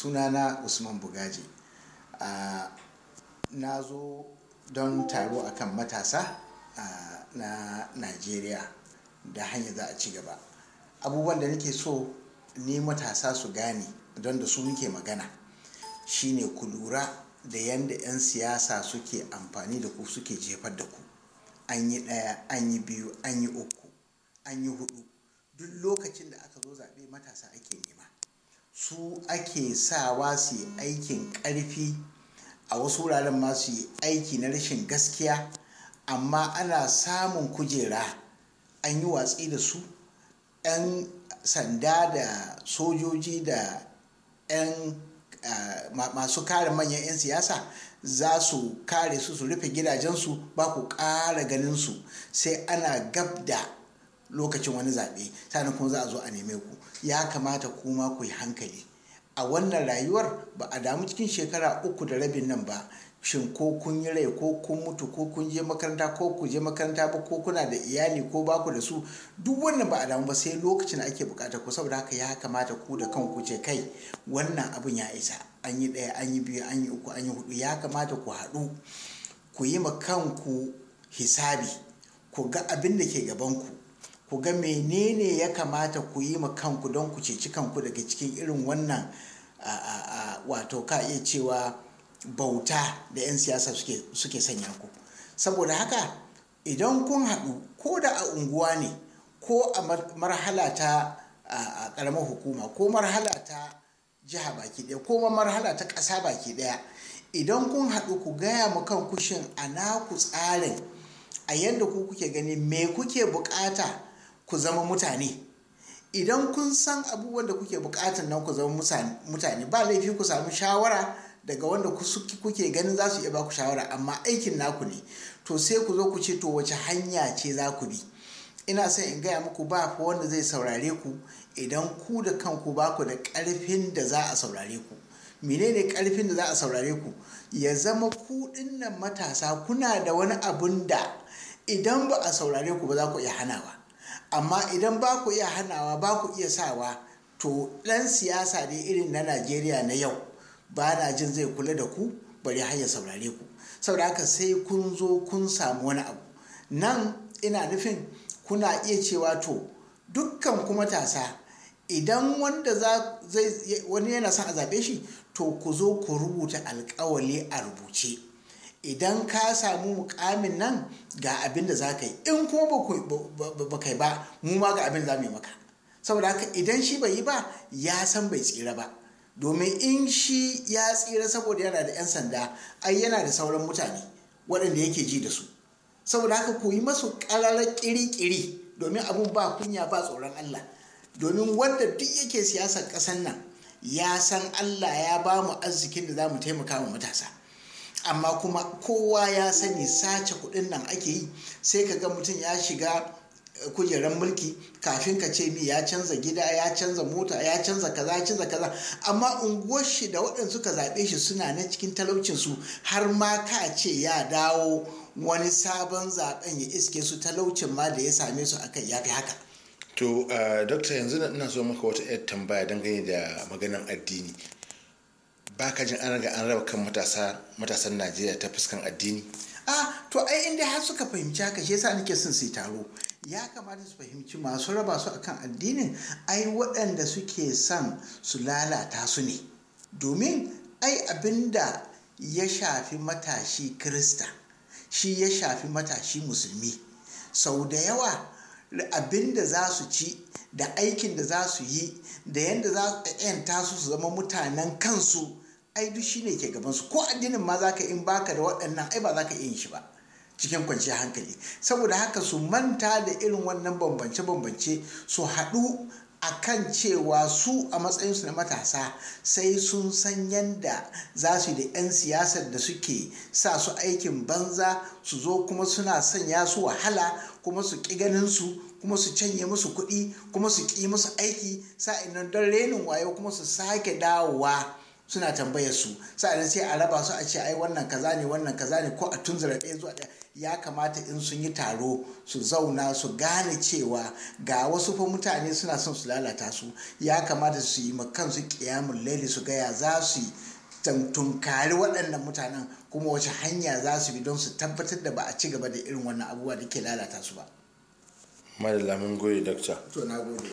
sunana usman bugaji na zo don taro a kan matasa na nigeria da hanyar za a ci gaba abubuwan da nake so ni matasa su gane don da su muke magana shine ku lura da yadda 'yan siyasa suke amfani da ku suke jefar da ku an yi ɗaya an yi biyu an yi uku an yi hudu duk lokacin da aka zo zaɓe matasa ake nema su ake sawa su yi aikin ƙarfi a wasu wuraren ma su yi aiki na rashin gaskiya amma ana samun kujera an yi watsi da su 'yan sanda da sojoji da 'yan masu kare manyan 'yan siyasa za su kare su su rufe gidajensu ba ku ƙara ganin su sai ana gab da lokacin wani zaɓe sannan kuma za a zo a neme ku ya kamata kuma ku yi hankali a wannan rayuwar ba a damu cikin shekara uku da rabin nan ba shin ko kun yi rai ko kun mutu ko kun je makaranta ko ku je makaranta ba ko kuna da iyali ko ba ku da su duk wannan ba a damu ba sai lokacin ake bukata ku saboda haka ya kamata ku da kanku ce kai wannan abin ya isa an yi ɗaya an yi biyu an yi uku an yi hudu ya kamata ku haɗu ku yi ma kanku hisabi ku ga abin da ke gabanku ku ga menene ya kamata ku yi ma kanku don ku ceci kanku daga cikin irin wannan wato ka iya cewa bauta da 'yan siyasa suke sanya ku saboda haka idan kun haɗu ko da a unguwa ne ko a marhala ta ƙaramar hukuma ko marhala ta jiha baki ɗaya ko marhala ta ƙasa baki ɗaya idan kun haɗu ku gaya mu kan kushin a naku tsarin a yadda ku kuke gani me kuke buƙata ku zama mutane idan kun san abubuwan da kuke bukatan nan ku zama mutane ba laifi ku samu shawara daga wanda kuke ganin za su iya ba ku shawara amma aikin naku ne to sai ku zo ku ce to wace hanya ce za ku bi ina son in gaya muku ba fa wanda zai saurare ku idan ku da kanku ba ku da karfin da za a saurare ku menene karfin da za a saurare ku ya zama ku nan matasa kuna da wani abun da idan ba a saurare ku ba za ku iya hanawa amma idan ba ku iya hanawa ba ku iya sawa to ɗan siyasa ne irin na najeriya na yau ba na jin zai kula da ku bari har ya saurare ku saboda haka sai kun zo kun samu wani abu nan ina nufin kuna iya cewa to dukkan kuma tasa idan wanda wani yana son a zaɓe shi to ku zo ku rubuta alkawali a rubuce idan ka samu mukamin nan ga abin da za ka yi in kuma ba kai ba mu ma ga abin da za mu yi maka saboda haka idan shi bai yi ba ya san bai tsira ba domin in shi ya tsira saboda yana da 'yan sanda ai yana da sauran mutane waɗanda yake ji da su saboda haka ku yi masu ƙararar ƙiri-ƙiri domin abun ba kunya ba tsoron Allah domin wanda duk yake siyasar ƙasar nan ya san Allah ya ba mu arzikin da za mu taimaka wa matasa amma kuma kowa ya sani sace kuɗin nan ake yi sai ka ga mutum ya shiga eh, kujerar mulki kafin ka ce mi ya canza gida ya canza mota ya canza kaza ya canza kaza amma unguwar shi da waɗansu ka zaɓe shi suna na cikin talaucin su har ma ka ce ya dawo wani sabon zaben ya iske su talaucin ma da ya same su akan ya fi haka to eh, dokta yanzu ina so maka wata 'yar tambaya dangane da maganin addini baka jin an an raba kan matasan najeriya ta fuskan addini a to ai inda har suka fahimci haka shi yasa nake son su taro ya kamata su fahimci masu raba su akan addinin ai waɗanda suke son su lalata su ne domin ai abinda ya shafi matashi Kirista shi ya shafi matashi musulmi sau da yawa abinda za su ci da aikin da za su yi da yadda za su su zama mutanen kansu ai duk shi ne ke gaban su ko addinin ma zaka in baka da waɗannan ai ba zaka yin shi ba cikin kwanciyar hankali saboda haka su manta da irin wannan bambance-bambance su haɗu a kan cewa su a matsayinsu na matasa sai sun san yadda za su da 'yan siyasar da suke sa su aikin banza su zo kuma suna sanya su wahala kuma su ƙi ganin su kuma su canye musu kuɗi kuma su ƙi musu aiki sa'in nan don renin wayo kuma su sake dawowa suna tambayar su sa'adar sai a raba su a ce ai wannan kaza ne wannan kaza ne ko a tunzura ɗaya zuwa ɗaya ya kamata in sun yi taro su zauna su gane cewa ga wasu fa mutane suna son su lalata su ya kamata su yi su kiyamun laili su gaya za su yi tuntunkari waɗannan mutanen kuma wace hanya za su bi don su tabbatar da ba a ci gaba da irin wannan abubuwa da ke lalata su ba. Madalla mun goyi